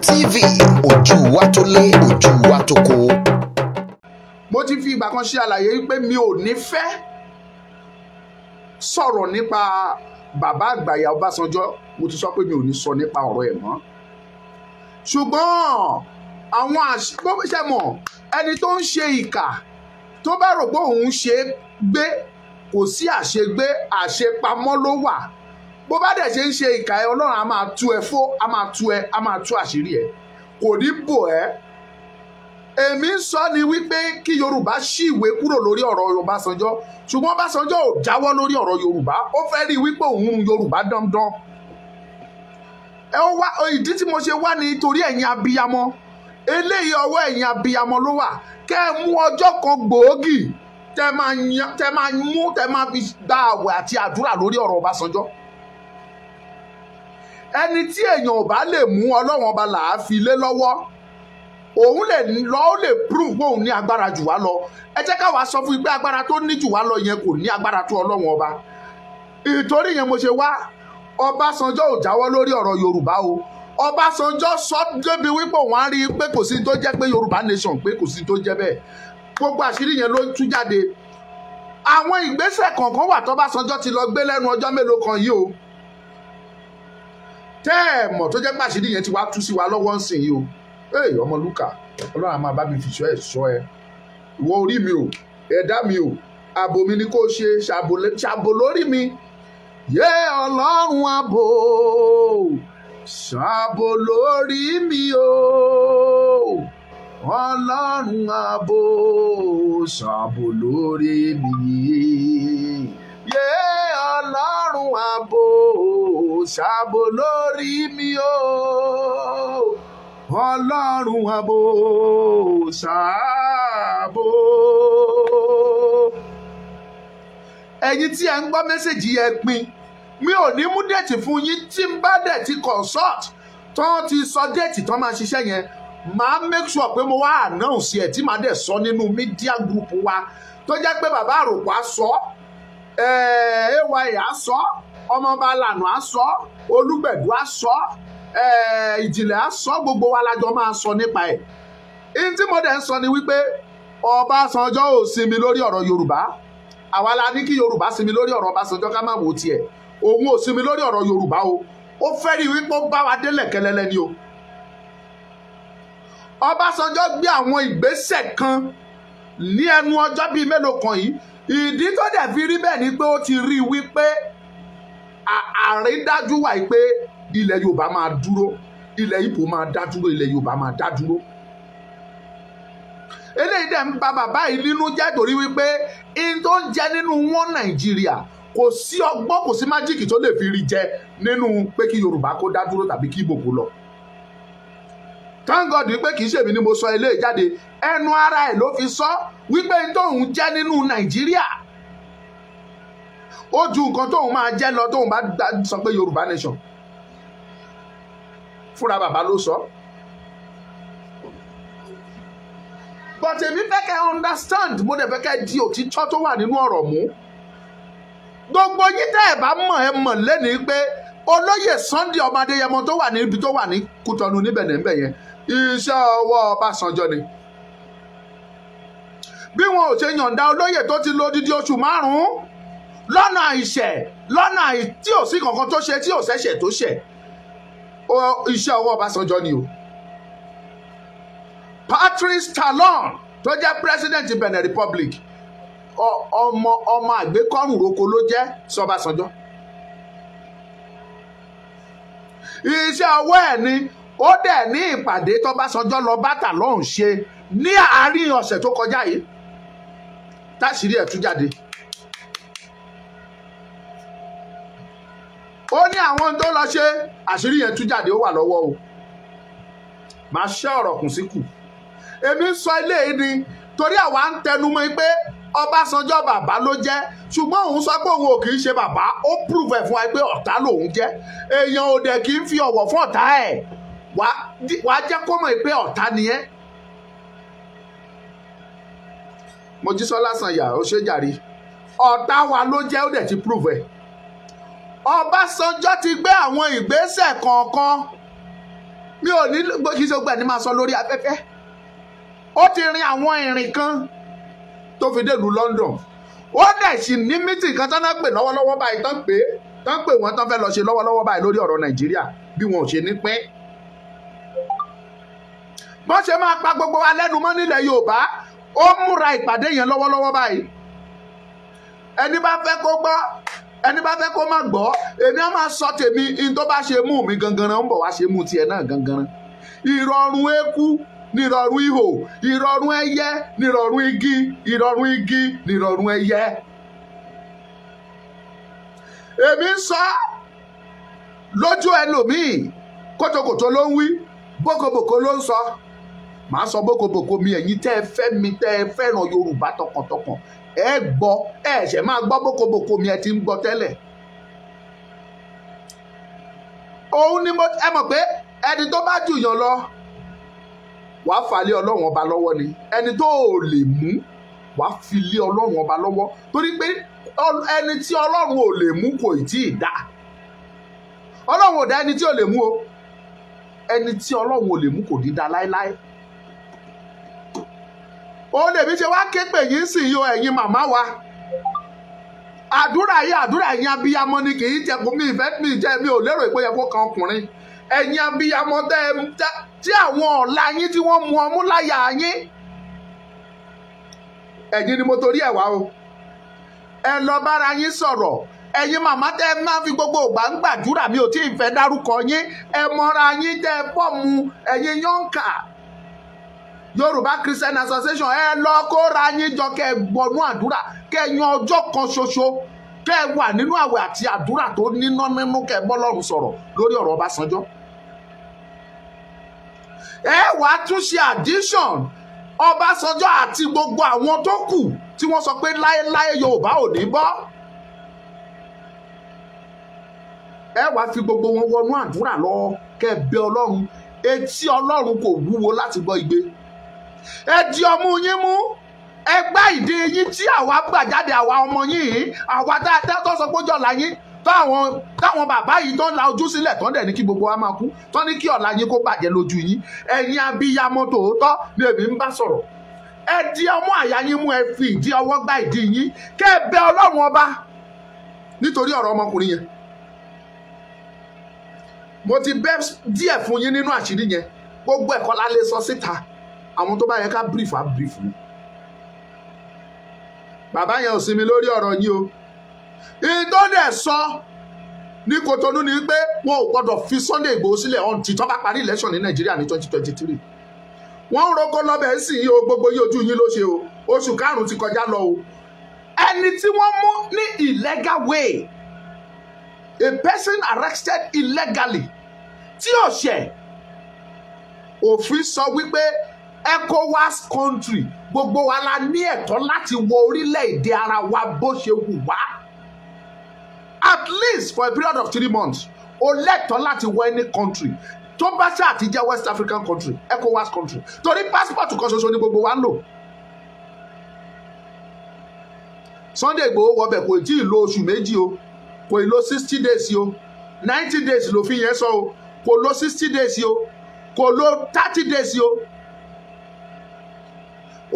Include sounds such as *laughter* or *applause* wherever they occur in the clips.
TV ojú wa tó lé ojú wa tó kó. mo ti fi ìgbà kan ṣe àlàyé pé mi ò ní fẹ́ sọ̀rọ̀ nípa bàbá àgbàyà Ọbásanjọ́ mo ti sọ pé mi ò ní sọ nípa ọ̀rọ̀ ẹ̀ mọ́ ṣùgbọ́n àwọn àṣìṣẹ́mọ̀ ẹni tó ń ṣe ìkà tó bá rò pé òun ṣe é gbé kò sí àṣegbé àṣepamọ́ ló wà bó bá dẹ̀ ṣe ń ṣe ìkà ẹ ọlọ́run a máa tú ẹ fó a máa tú ẹ a máa tú àṣírí ẹ kò ní bò ẹ́ èmi ń sọ ni wípé kí yorùbá ṣì ìwé kúrò lórí ọ̀rọ̀ Ọbásanjọ́ ṣùgbọ́n Ọbásanjọ́ ò jáwọ́ lórí ọ̀rọ̀ yorùbá ó fẹ́ rí wípé òun yorùbá dandan ẹ wá ìdí tí mo ṣe wá ní torí ẹ̀yin abiyamọ eléyìí ọwọ́ ẹ̀yin abiyamọ ló wà kẹ́ ẹ mú ọjọ́ kan gbòógì tẹ́ máa mú tẹ́ máa fi gba àwẹ̀ àti àdúrà lórí ọ̀rọ̀ Ọbásanjọ́ ẹni tí èèyàn ò bá lè mú ọlọ́run ọba làá fi lé lọ́wọ́ òun lè lọ ó lè prove pé òun ní agbára jù wá lọ ẹ jẹ́ káwa sọ fún igbá agbára tó ní jù wá lọ yẹn kò ní agbára tó ọlọ́run ọba ìtorí yẹn mo ṣe wá Ọbásanjọ́ ò jáwọ́ lórí ọ̀rọ̀ Yorùbá o Ọbásanjọ́ sọ débi wípé òun á rí i pé kò sí tó jẹ́ pé Yorùbá nation pé kò sí tó jẹ́ bẹ́ẹ̀ gbogbo àṣírí yẹn ló tú jáde àwọn ìgbésẹ̀ kọ̀ọ̀kan wà tọ́básanjọ́ ti lọ gbé lẹ́nu ọjọ́ mélòó kan yìí o tẹ́ ẹ̀ mọ̀ tó jẹ́ pàṣírí yẹn ti wá tú sí wa lọ́wọ́ ń sìn yìí o ee ọmọ lúkà ọlọ́run àmọ́ bá mi fi ṣọ́ ẹ̀ ṣọ́ ẹ ìwọ orí mi o ẹ̀dá mi o ààbò mi ni kò ṣe ṣàbò lórí mi yé ọlọ́run ààbò ṣàbò lórí mi o ọlọ́run ààbò ṣàbò lórí mi ṣàbò lórí mi o ọlọ́run àbò ṣàbò. ẹ̀yin tí ẹ ń gbọ́ mẹ́sẹ̀gì yẹn pin mi ò ní mú dẹ̀tì fún yín tí ń bá dẹ̀tì consult tán ti sọ dẹ̀tì tán máa ṣiṣẹ́ yẹn màá make sure pé mo wá announce ẹ̀ tí màá dẹ̀ sọ nínú media group wa tó jẹ́ pé bàbá àròpọ̀ á sọ ẹ̀ ay á sọ ọmọọba alànà á sọ olúgbẹ̀dù á sọ ìjìnlẹ̀ á sọ gbogbo wa lájọ máa sọ nípa ẹ̀ ihun tí mo dẹ̀ ń sọ ni wípé Ọbásanjọ́ ò sinmi lórí ọ̀rọ̀ Yorùbá àwa la ní kí Yorùbá sinmi lórí ọ̀rọ̀ Ọbásanjọ́ ká má wò ó tiẹ̀ òun ò sinmi lórí ọ̀rọ̀ Yorùbá o ó fẹ́ rí wípé ó bá wa délẹ̀ kẹlẹ́lẹ́ ni o Ọbásanjọ́ gbé àwọn ìgbésẹ̀ kan ní ẹnu ọjọ́ bíi mélòó kan yìí ìdí tó dẹ̀ fi rí bẹ́ẹ̀ ni pé ó ti rí wípé àrídájú wà pé ilẹ̀ Yorùbá máa dúró ilẹ̀ Ìgbò máa dá dúró ilẹ̀ Yorùbá máa dá dúró eléyìí dẹ̀ ń ba bàbá yìí nínú jẹ́ torí wípé in tó ń jẹ nínú wọn Nàìjíríà kò sí ọgbọ́n kò sí májíìkì tó lè fi rí jẹ nínú pé kí Yorùbá kó dá dúró tàbí kí Ìgbò kó lọ thank God wípé kì í ṣèmi ni mo sọ eléyìí jáde ẹnu ara ẹ̀ ló fi sọ wípé n tóun jẹ́ nínú Nàìjíríà ó ju nǹkan tóun máa jẹ́ lọ tóun bá sọ pé yorùbá nation fúnra bàbá ló sọ. but èmi fẹ́ kẹ́ understand mo dẹ̀ fẹ́ kẹ́ di òtítọ́ tó wà nínú ọ̀rọ̀ mú gbogbo yín tẹ́ ẹ̀ bá mọ̀ ẹ mọ̀ lẹ́ni pé olóyè Sunday ọmọ Adéyẹmọ tó wà níbi tó wà ní Kútọ́nù níbẹ̀ níbẹ̀ yẹn iṣẹ́ ọwọ́ Ọbásanjọ́ ni bí wọn ò ṣe yọ̀ǹda olóyè tó ti lo odidi oṣù márùn-ún lọ́nà ìṣẹ̀ lọ́nà tí ò sí kankan tó ṣe tí ò ṣẹ̀ṣẹ̀ tó ṣẹ̀ iṣẹ́ ọwọ́ Ọbásanjọ́ ni o Patrice Talon tó jẹ́ president Benin Republic ọmọ ọmọ àgbékọ́rùn roko ló jẹ́ sọ́bàṣánjọ́ iṣẹ́ ọwọ́ ẹ̀ ni ó dẹ̀ ní ìpàdé tọ́bàṣánjọ́ lọ bàtà Talon ṣe ní àárín ọ̀sẹ̀ tó kọjá yìí táṣìírí ẹ̀ tú jáde. ó ní àwọn tó lọ ṣe àṣírí yẹn tú jáde ó wà lọ́wọ́ o máa ṣẹ́ ọ̀rọ̀ kùn sí kù èmi ń sọ ilé yìí ni torí àwa ń tẹnumọ́ pé Ọbásanjọ́ bàbá ló jẹ́ ṣùgbọ́n òun sọ pé òun ò kì í ṣe bàbá ó prove ẹ̀ fún wa pé ọ̀tá lòun jẹ́ èèyàn ò dẹ̀ kì í fi ọ̀wọ̀ fún ọ̀tá ẹ̀ wàá jẹ́ kó mọ̀ pé ọ̀tá ni ẹ́ Mojísọ́lá Sànyà ó ṣe jàre ọ̀tá wa ló jẹ́ ó dẹ̀ ti prove ẹ̀ Ọbásanjọ́ ti gbé àwọn ìgbésẹ̀ kọ̀ọ̀kan mi ò ní kí ṣe gbẹ̀ ní máa sọ lórí afẹ́fẹ́ ó ti rin àwọn ìrìn kan tó fi dèlú London ó dẹ̀ sì ní mítìn kan tán pè lọ́wọ́lọ́wọ́ báyìí tán pé tán pè wọ́n tán fẹ́ lọ ṣe lọ́wọ́lọ́wọ́ báyìí lórí ọ̀rọ̀ Nàìjíríà bí wọn ò ṣe ní pín bọ́n ṣe máa pa gbogbo wa lẹ́nu mọ́ nílẹ̀ Yorùbá ó múra ìpàdé yẹn lọ́wọ́lọ́wọ́ báyìí ẹni bá fẹ́ kó gbọ́ ẹni bá fẹ́ kó má gbọ́ èmi á máa sọ tèmi in tó bá ṣe mú mi gangan ń bọ̀ wá ṣe mú tiẹ̀ náà gangan ìrọ̀rùn eku nírọ̀rùn ihò ìrọ̀rùn ẹyẹ nírọ̀rùn igi ìrọ̀rùn igi nírọ̀rùn ẹyẹ èmi ń sọ lójú ẹlòmíì kótókòtó ló ń wí bókobòkó ló ń sọ. So màá sọ bókobòko mi ẹ̀yin tẹ́ ẹ fẹ́ mi tẹ́ ẹ fẹ́ràn Yorùbá tọkàntọkàn ẹ gbọ́ ẹ ṣẹ̀ máa gbọ́ bókobòko mi ẹ ti ń gbọ́ tẹ́lẹ̀ òun ni mo ẹ mọ̀ pé ẹni tó bá jù yàn lọ wàá fà lé ọlọ́run ọba lọ́wọ́ ni ẹni tó ò lè mú wàá fi lé ọlọ́run ọba lọ́wọ́ torí pé ẹni tí ọlọ́run ò lè mú kò tí ì dá ọlọ́run ò dá ẹni tí ò lè mú o ẹni tí ọlọ́run ò lè mú kò ní láéláé. ó lèmi ṣe wá ké pè yín yọ ẹ̀yin màmá wa àdúrà yìí àdúrà ẹ̀yin abiyamọ ni kì í jẹ kó mi ìfẹ́ mi jẹ mi ò lérò pé yẹ kó kan ọkùnrin ẹ̀yin abiyamọ tí àwọn ọ̀la yín tí wọ́n mu ọmú láyà yín ni mo torí ẹ̀ o ẹ lọ bára yín sọ̀rọ̀ ẹ̀yin màmá tẹ́ fi gbogbo ìgbà ń gbàdúrà mi ò tí ì fẹ́ dárúkọ yín ẹ mọra yín tẹ́ ẹ ẹ̀yin yorùbá christian association ẹ lọ kóra yín jọ kẹ gbọnú àdúrà kẹ yan ọjọ́ kan ṣoṣo kẹ wà nínú àwẹ̀ àti àdúrà tó níná nínú kẹ bọ́lọ́run sọ̀rọ̀ lórí ọ̀rọ̀ ọbásanjọ́ ẹ wàá tún ṣe addition ọbásanjọ́ àti gbogbo àwọn tó kù tí wọ́n sọ pé láéláé yorùbá ò ní bọ́ ẹ wàá fi gbogbo wọn wọnú àdúrà lọ kẹ bẹ ọlọ́run etí ọlọ́run kò wúwo láti gbọ́ igbe ẹ di ọmú yín mú ẹ gbá ìdí yín tí àwa gbà jáde àwa ọmọ yín yìí àwa dáadáa tó sọ pé jọ̀la yín táwọn táwọn bàbá yìí tó ń la ojú sílẹ̀ tó ń dẹ̀ ní kí gbogbo wa máa kú tó ní kí ọ̀la yín kó bàjẹ́ lójú yín ẹ̀yin abiyamọ tòótọ́ ni èmi ń bá sọ̀rọ̀ ẹ di ọmọ àyà yín mú ẹ fi ìdí ọwọ́ gbá ìdí yín kẹ́ ẹ bẹ ọlọ́run ọba nítorí ọ̀rọ̀ ọmọkùnrin yẹn mo ti bẹ́ díẹ̀ fún yín nínú àṣírí yẹn gbogbo ẹ̀kọ́ la sọ síta àwọn tó bá yẹ ká brief á brief wọn bàbá yẹn ò sinmi lórí ọ̀rọ̀ yìí o ìdọ́dẹ̀ sọ ní Kotonu ni pé wọn ò gbọdọ̀ fi Sunday Igboho sílẹ̀ ọ̀hún tí bá parí election ní Nàìjíríà ní twenty twenty three wọ́n ń roko lọ́bẹ̀ sí yìí o gbogbo yìí ojú yín ló ṣe o oṣù karùn-ún ti kọjá lọ o ẹni tí wọ́n mú ní illegal way a person arrested illegally tí ò ṣẹ̀ òfin sọ wípé ecowas country gbogbo wa la ní ẹ̀tọ́ láti wọ orílẹ̀-èdè ara wa bó ṣe wù wá at least for a period of three months o lẹ́tọ̀ọ́ láti wọ any country tó bá ṣe àtijọ́ west african country ecowas country torí passport kan ṣoṣo ni gbogbo wa ń lò sunday igbòho wọbẹ̀ kò tí ì lo oṣù méjì o kò ì lo sixty days o ninety days ló fi yẹn sọ o kò lo sixty days o kò lo thirty days o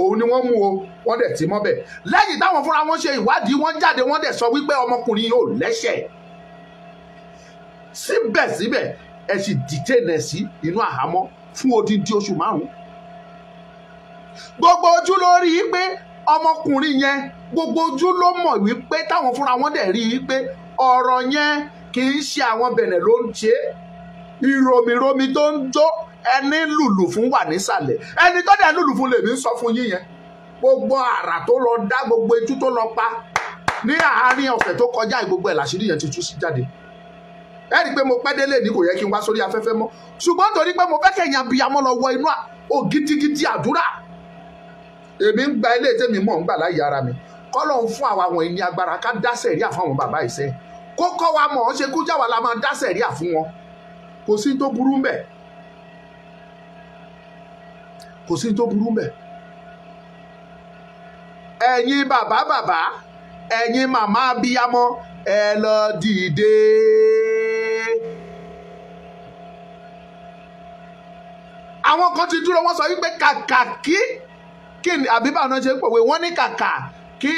òun ni wọ́n mú o wọ́n dẹ̀ ti mọ́bẹ̀ lẹ́yìn táwọn fúnra wọn ṣe ìwádìí wọ́n jáde wọ́n dẹ̀ sọ wípé ọmọkùnrin yóò lẹ́ṣẹ̀ síbẹ̀síbẹ̀ ẹ sì dìtẹ̀nẹ̀ sí inú àhámọ́ fún odindi oṣù márùn-ún gbogbo ojú ló rí i pé ọmọkùnrin yẹn gbogbo ojú ló mọ̀ wípé táwọn fúnra wọn dẹ̀ rí i pé ọ̀rọ̀ yẹn kì í ṣe àwọn bẹ̀nẹ̀ ló ń ṣe ìròmìròmì tó ń jó ẹni lùlù fún wà nísàlẹ̀ ẹni tó dẹ̀ lùlù fún lèmi ń sọ fún yín yẹn gbogbo àrà tó lọ dá gbogbo etú tó lọ pa ní àárín ọ̀fẹ́ tó kọjá gbogbo ẹ̀ làṣírí yẹn ti tú sí jáde ẹ rí i pé mo pẹ́ délé ní kò yẹ kí n wá sórí afẹ́fẹ́ mọ́ ṣùgbọ́n torí pé mo fẹ́ kẹ̀yìn abiyamọ lọ wọ inú ògidigidi àdúrà èmi ń gba ilé tèmi mọ̀ ń gbà láyé ara mi kọ́lọ̀ ń fún àwọn ẹni agbára ká dá sẹ̀ríà fáwọn bàbá ìṣe kó wa mọ̀ ọ́n ṣe kújà la máa dá sẹ̀ríà fún wọn kò sí tó burú mbẹ̀ kò sí tó burú mbẹ̀ ẹ̀yin bàbá bàbá ẹ̀yin màmá abiyamọ ẹ lọ dìde. àwọn kan ti dúró wọ́n sọ wípé kàkà kí kí ni àbíbà náà ṣe ń pòwe wọ́n ní kàkà kí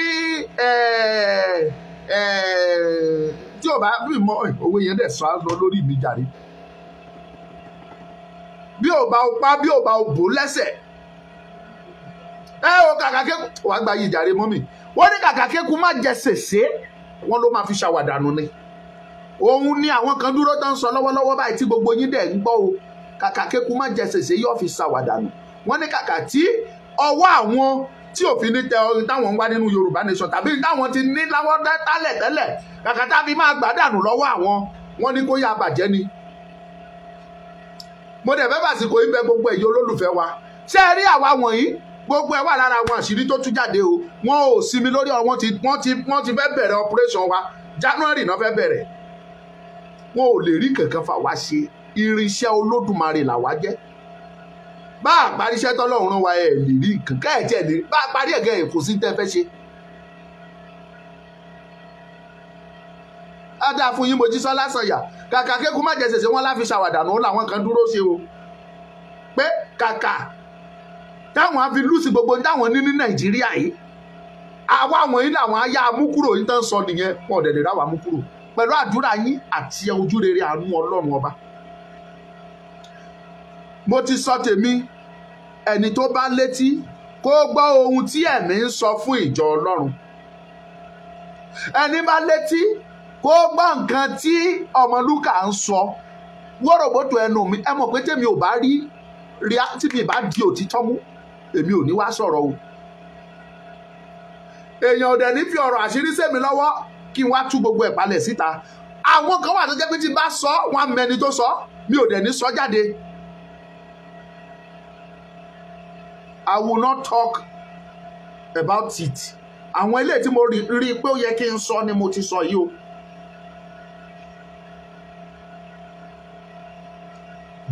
tí ò bá bí mọ òwe yẹn dẹ̀ sọ lórí mi jàre bí ò bá o pa bí ò bá o bò lẹ́sẹ̀ ẹ o kàkà kéku wàá gba yìí jàre mọ́mì wọ́n ní kàkà kéku má jẹ sèse wọ́n ló máa fi ṣàwàdànù ni òun ni àwọn kan dúró tán sọ lọ́wọ́lọ́wọ́ báyìí tí gbogbo yín dẹ̀ ń gbọ́ o kàkà kéku má jẹ sèse yóò fi ṣàwàdànù wọ́n ní kàkà tí ọwọ́ àwọn tí òfin ní tẹ ọrin táwọn ń wá nínú Yorùbá nation tàbí táwọn ti ní láwọn tálẹ̀ tẹ́lẹ̀ kàkà tábí máa gbàdànù lọ́wọ́ àwọn wọ́n ní kó yá bàjẹ́ ni mo dẹ̀ fẹ́ fàsìkò ibẹ̀ gbogbo ẹ̀yọ́ olólùfẹ́ wa ṣé ẹ rí àwa wọ̀nyí gbogbo ẹ wà lára àwọn àṣírí tó tú jáde o wọn ò sinmi lórí ọ wọn ti wọn ti wọn ti fẹ́ bẹ̀rẹ̀ operation wa January náà fẹ́ bẹ̀rẹ̀ wọn ò lè rí kankan fà wá ṣe irinṣẹ́ olódùmarè làwa jẹ́ bá a parí iṣẹ́ tọ́lọ́run wa ẹ̀ lè rí kankan ẹ̀ tiẹ̀ lè rí bá a parí ẹ̀gẹ́ ẹ̀ kò sí tẹ́ fẹ́ ṣe á dáa fún yín Mojísọ́lá Sànyà kàkà kékun má jẹ sèse wọn láfi ṣàwàdànù ó làwọn kan dúró ṣe o pé kàkà táwọn á fi lùsì gbogbo táwọn ní ní Nàìjíríà yìí àwa àwọn yìí làwọn á yá amúkúrò yìí tán sọ nìyẹn wọn ò dẹ̀ lè ráwọ̀ amúkúrò pẹ̀lú àdúrà yín àti ojú rere àánú Ọlọ́run ọba mo ti sọ tèmi ẹni tó bá létí kó gbọ́ ohun tí ẹ̀mí ń sọ fún ìjọ Ọlọ́run ẹni bá létí kó gbọ́ nǹkan tí ọmọlúkà ń sọ wọ́rọ̀bọ̀tò ẹnu mi ẹ mọ̀ pé tèmi ò bá rí rí tí mi bá di òtítọ́ mú èmi ò ní wá sọ̀rọ̀ o èèyàn ọ̀dẹ̀ ní fi ọ̀rọ̀ àṣírí sèmi lọ́wọ́ kí n wá tú gbogbo ẹ̀ palẹ̀ síta àwọn kan wà tó jẹ́ pé tí bá sọ wọn mẹni tó sọ mi ò dẹ̀ ní sọ jáde I will not talk about it àwọn eléyìí tí mo rí i pé ó yẹ kí n sọ ni mo ti sọ yìí o.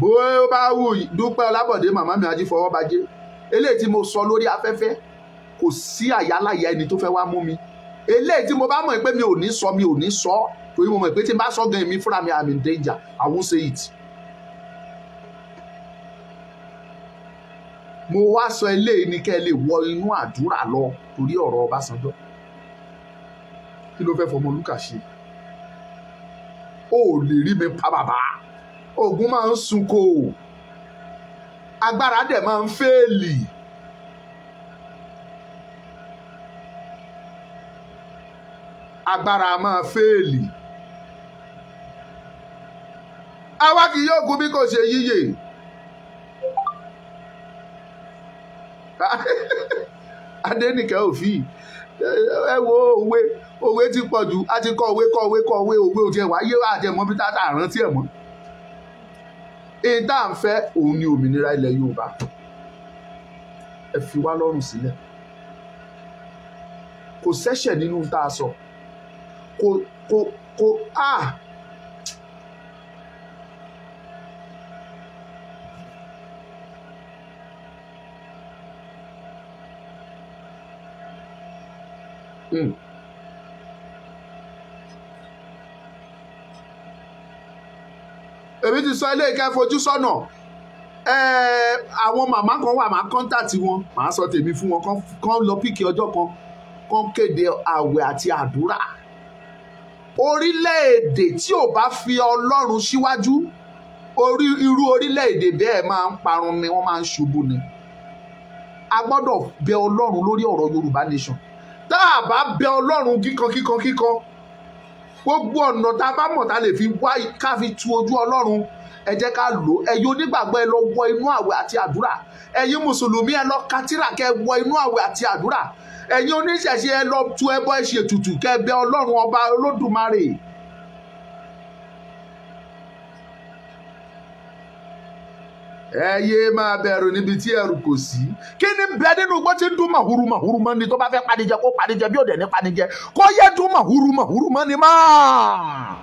bó bá wù Dúpẹ́ Ọlábọ̀dé màmá mi ají fọwọ́ bajé eléyìí tí mo sọ lórí afẹ́fẹ́ kò sí àyáláyà ẹni tó fẹ́ wá mú mi eléyìí tí mo bá mọ̀ pé mi ò ní sọ mi ò ní sọ torí mo mọ̀ pé tí n bá sọ gan mi fúnra mi I'm in danger I won't say it. mo wá sọ eléyìí ni kẹ́ ẹ lè wọ inú àdúrà lọ torí ọ̀rọ̀ Ọbásanjọ́ kí ló fẹ́ fọmọ Lúkà ṣe ó lè rí mi pa bàbá oògùn máa ń sunko agbára dẹ̀ máa ń fẹ́ẹ̀lì. agbára máa fẹ́ẹ̀lì. àwa kì yóò gun bí kò ṣe yíyè. *laughs* adẹnìkẹ́ òfin ẹ wo òwe òwe ti pọ̀ jù a ti kọ́ òwe kọ́ òwe kọ́ òwe òwe ò tiẹ̀ wáyé àjẹmọ́ bí tá a rántí ẹ̀ mọ́ èyí tá à ń fẹ́ òun ni òmìnira ilẹ̀ Yorùbá ẹ fi wá lọ́rùn sílẹ̀ kò sẹ́sẹ̀ nínú tá a sọ kò kò kò á. Mm. èmi ti sọ ilé ìkẹ́ fojú sọ́nà àwọn màmá kan wà máa kọ́ńtàtì wọn màá sọ tèmi fún wọn kán lọ píkì ọjọ́ kan kán kéde àwẹ̀ àti àdúrà orílẹ̀-èdè tí ò bá fi ọlọ́run síwájú orí irú orílẹ̀-èdè bẹ́ẹ̀ máa ń parun ni wọ́n máa ń ṣubú ni a gbọ́dọ̀ bẹ ọlọ́run lórí ọ̀rọ̀ Yorùbá nation tá a bá bẹ ọlọ́run kíkan kíkan kíkan gbogbo ọ̀nà tá a bá mọ̀ tá a lè fi wá ká fi tu ojú ọlọ́run ẹ jẹ́ ká lò ẹ̀yin onígbàgbọ́ ẹ lọ wọ inú àwẹ̀ àti àdúrà ẹ̀yin mùsùlùmí ẹ lọ katira kẹ wọ inú àwẹ̀ àti àdúrà ẹ̀yin oníṣẹ̀ṣe ẹ lọ tu ẹbọ ẹ ṣètùtù kẹ bẹ ọlọ́run ọba olódùmarè ẹ yé máa bẹ̀rù níbi tí ẹrù kò sí kí ni bẹ nínú gbọ́ tí ń dún màhúrú màhúrú mọ́ ni tó bá fẹ́ panijẹ kó panijẹ bí òde ní panijẹ kó yẹ dún màhúrú màhúrú mọ́ ni máa.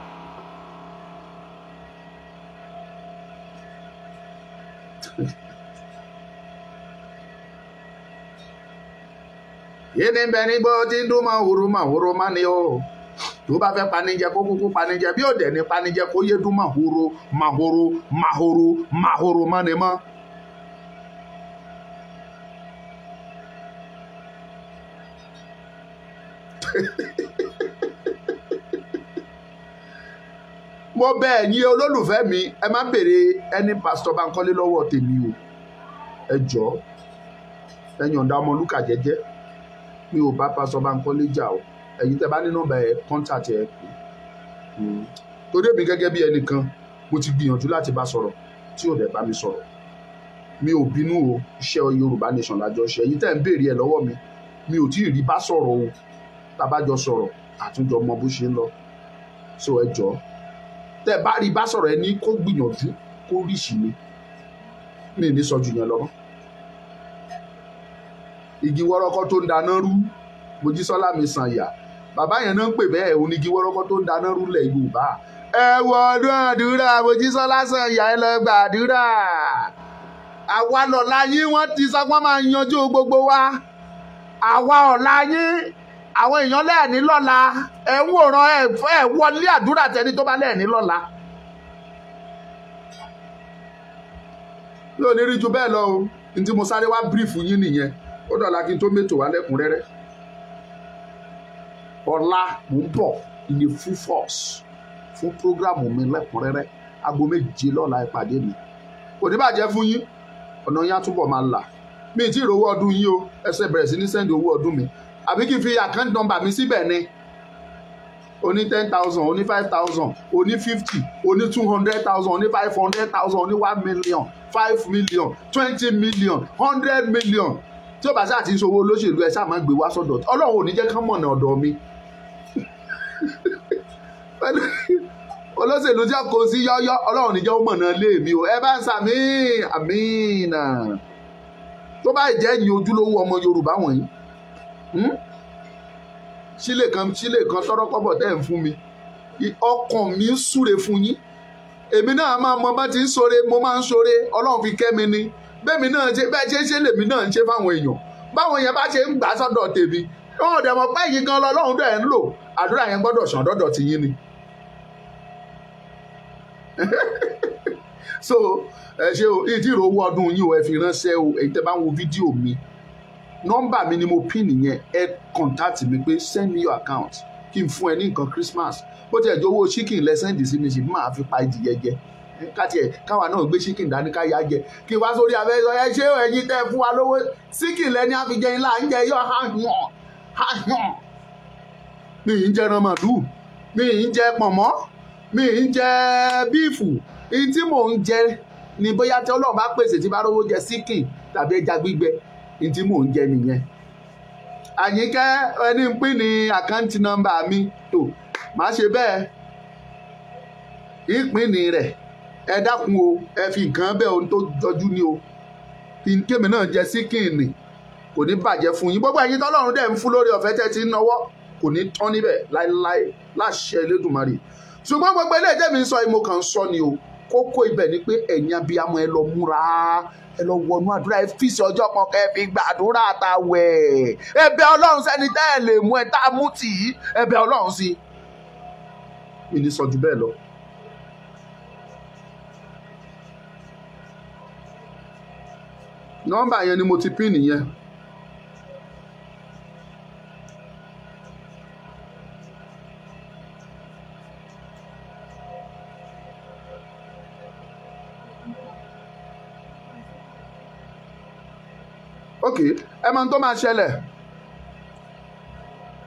kí ni bẹ níbo tí ń dún màhúrú màhúrú mọ́ ni o tó bá fẹ́ panijẹ kó kúkú panijẹ bí òdẹ ní panijẹ kó yé dún mahoro, mahoro, màhoro màhoro mọ́ni mọ́. *laughs* mo bẹ̀ ẹ̀yin olólùfẹ́ mi ẹ má béèrè ẹni pásítọ̀ Bankole lọ́wọ́ tèmi o ẹ jọ̀ọ́ ẹ yọ̀ǹda Ọmọlúkà jẹ́jẹ́ mi ò bá pásítọ̀ Bankole jà o ẹ̀yin tẹ́ bá ní nọ́mbà ẹ̀ contact ẹ̀ pé hmm. torí èmi gẹ́gẹ́ bí ẹnìkan mo ti gbìyànjú láti bá sọ̀rọ̀ tí ò dẹ̀ bá mi sọ̀rọ̀ mi ò bínú o iṣẹ́ Yorùbá Nation lájọ ṣe ẹ̀yin tẹ́ ń béèrè ẹ̀ lọ́wọ́ mi mi ò tí ì rí bá sọ̀rọ̀ o tàbájọ sọ̀rọ̀ àtúnjọ mọ bó ṣe ń lọ so ẹ jọ tẹ́ bá rí bá sọ̀rọ̀ ẹ ní kó gbìyànjú kó ríṣì mi mi ní sọ jù yẹn lọ igi wọ́rọ́kọ́ tó ń dáná rú Mojísọ́lá mi sàn yà bàbá yẹn náà ń pè bẹ́ẹ̀ onígi wọ́rọ́kọ́ tó ń dáná rúlẹ̀ yorùbá ẹ wọ ọdún àdúrà mojísọ́ lásán ìyá ẹ lọ gba àdúrà àwa lọ̀la yín wọ́n ti sọ pé wọ́n máa yanjú gbogbo wa àwa ọ̀la yín àwọn èèyàn lẹ́ẹ̀ní lọ́la ẹ̀ ń wòran ẹ̀ fẹ́ wọlé àdúrà tẹni tó bá lẹ́ẹ̀ní lọ́la. lónìí rí ju bẹ́ẹ̀ lọ o ní tí mo sáré wá bírífù yín nìyẹn ó dọ̀la kí n tó mẹ́tò wá lẹ́kùnrẹ́rẹ́ ọ̀la mò ń bọ̀ ní full force fún prógráàmù mi lẹ́kùnrẹ́rẹ́ aago méje lọ́la ìpàdé mi kò ní bàjẹ́ fún yín ọ̀nà yín á túbọ̀ máa là mi ti rówó ọdún yín o ẹsẹ̀ bẹ̀rẹ̀ sí ní sẹ́ndì owó ọdún mi àbí kí n fi account number mi síbẹ̀ ni oní ten thousand oní five thousand oní fifty oní two hundred thousand oní five hundred thousand oní one million five million twenty million hundred million tí ó bá sáà ti ń ṣòwò olóṣèlú ẹ sáà máa gbé wá sọ́dọ̀ ọlọ́run ò ní jẹ́ kán mọ̀nà ọ̀dọ̀ mi olóṣèlú tí a kò sí yọ́yọ́ ọlọ́run níjọ́ ó mọ̀nà lé mi o ẹ bá ń sàmì àmìnà tó bá jẹ́ ìyìn ojúlówó ọmọ yorùbá wọ̀nyí sílè hmm? kan sílè kan tọ́rọ́ kọ́bọ̀ tẹ́ ẹ̀ ń fún mi ọkàn mi ń súre fún yín èmi náà máa mọ bá ti ń ṣoore mo máa ń ṣoore ọlọ́run fi kẹ́ mi ni bẹ́ẹ̀ mi náà bẹ́ẹ̀ ṣe ń ṣe lèmi náà ń ṣe fáwọn èèyàn báwọn èèyàn bá ṣe ń gbà sọ́dọ̀ tèmi ó dẹ̀ mọ̀ pé yìí gan lọ́lọ́run dẹ̀ ń lò àdúrà yẹn gbọ́dọ̀ sàn dọ́dọ̀ ti yín ni. *laughs* so ẹ ṣe o ìdírò owó ọdún yìí o ẹ fi ránṣẹ́ o èyí tẹ́ bá ń wo fídíò mi nọ́mbà mi ni mo pin nìyẹn ẹ contact mi pé send me your account kí n fún ẹ ní nǹkan Christmas bó tiẹ̀ jẹ́ owó chicken lẹ́sẹ̀ǹdì sí mi sì máa fi pa ìdíyẹ jẹ káti ẹ káwa náà gbé chicken dání ká yá jẹ kí wá sórí abẹ́rẹ́ ẹ ṣé ẹ̀yin tẹ́ fún wa lówó chicken lẹ́ni àfijẹ́yìn là ń jẹ yọ̀ hàn wọ́n ahàn mi ń jẹ ramadu mi ń jẹ pọ̀nmọ́ mi ń jẹ bíìfù ní tí mò ń jẹ ni bóyá tí ọlọ́run bá pèsè tí bá rówó jẹ síkìn tàbí ẹja gbígbẹ ní tí mò ń jẹ nìyẹn àyíkẹ́ ẹni ń pín ní àkáǹtì nọ́mbà mi tó má ṣe bẹ́ẹ̀ ìpínni rẹ̀ ẹ dákun o ẹ fi nǹkan bẹ́ẹ̀ ohun tó jọjú ni o kí n kémi náà jẹ síkìn nìyẹn kò ní bàjẹ́ fún yín gbogbo ẹ̀yin tọ́lọ́run dẹ̀ ń fún lórí ọ̀fẹ́ tẹ́ ti ń náwó kò ní tán níbẹ̀ láéláé láṣẹ Elédùmarè ṣùgbọ́n gbogbo ilé ìjẹ́ ń sọ ìmọ̀ kan ń sọ ni o kókó ibẹ̀ ni pé ẹ̀yin abiyamọ ẹ lọ múra ẹ lọ wọnú àdúrà ẹ fi sí ọjọ́ kan kẹ́ ẹ fi gbàdúrà àtàwẹ̀ ẹ̀bẹ̀ Ọlọ́run sẹ́ni tẹ́ ẹ lè mú ẹ tá a mú tì í ẹ̀bẹ̀ Ọlọ́run sí mi ní sọ ju bẹ́ẹ̀ lọ. nọ́mbà yẹn ni mo ti pín nìyẹn. ok ẹ mọ tó máa ṣẹlẹ̀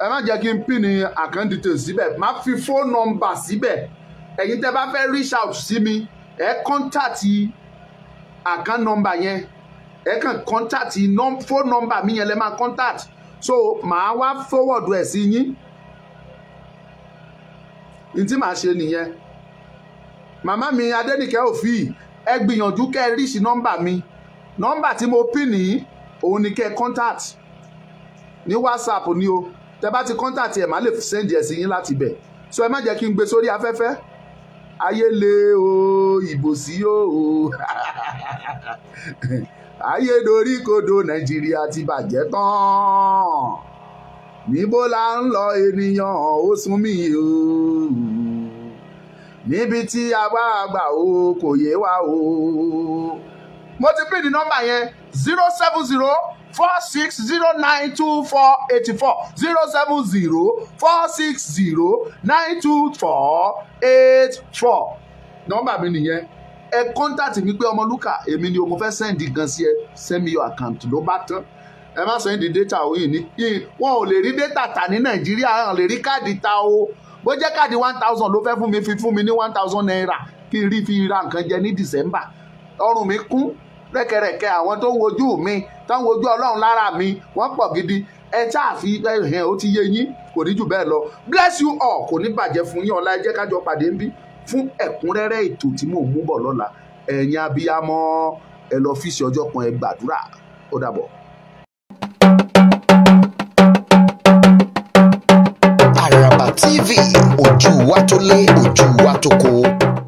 ẹ má jẹ́ kí n pin account details síbẹ̀ má fi phone number síbẹ̀ ẹ̀yin tẹ́ bá fẹ́ reach out sí mi ẹ contact account number yẹn ẹ kàn contact phone number mi yẹn lẹ́ máa contact so màá wá forward ẹ̀ sí yín ní tí màá ṣe nìyẹn màmá mi Adénìkẹ́ òfì ẹ gbìyànjú kẹ́ ẹ ríṣì nọ́mbà mi number tí mo pín nìyí òun ni kẹ́ contact ní whatsapp ni o tẹ bá ti contact ẹ̀ má lè send ẹ̀ sí yín láti bẹ̀ so ẹ má jẹ́ kí n gbé sórí afẹ́fẹ́ ayé le o ìbò sí o *laughs* ayé dorí kodò nàìjíríà ti bàjẹ́ tán níbo la ń lọ ènìyàn ó sún mí o níbi tí agbára gbà o kò yé wa o mo ti pín ní nọ́mbà yẹn zero seven zero four six zero nine two four eighty four zero seven zero four six zero nine two four eight four nọ́mbà mi nìyẹn ẹ kọ́ńtàtì mi pé Ọmọlúkà èmi ni o mo fẹ́ sẹ́ndì gan sí ẹ send me your account ló bá tán ẹ má sọ yìí data òyìn ni. wọn ò lè rí data tà ní nàìjíríà wọn lè rí káàdì ta o bó jẹ́ káàdì one thousand ló fẹ́ fún mi fi fún mi ní one thousand naira kí n rí fi ra nǹkan jẹ ní december ọrùn mi kún rẹ́kẹrẹ́kẹ àwọn tó wojú mi tó ń wojú ọlọ́run lára mi wọ́n pọ̀ gidi ẹ tá a fi ẹ̀hìn ó ti yé yín kò ní jù bẹ́ẹ̀ lọ bless you all kò ní bàjẹ́ fún yín ọ̀la ẹ jẹ́ kájọ pàdé ń bí fún ẹ̀kúnrẹ́rẹ́ ètò tí mò ń mú bọ̀ lọ́la ẹ̀yin abiyamọ ẹ lọ fíìsì ọjọ́ kan ẹ gbàdúrà ó dàbọ̀. Àràbà TV ojú wa tó lé ojú wa tó kó.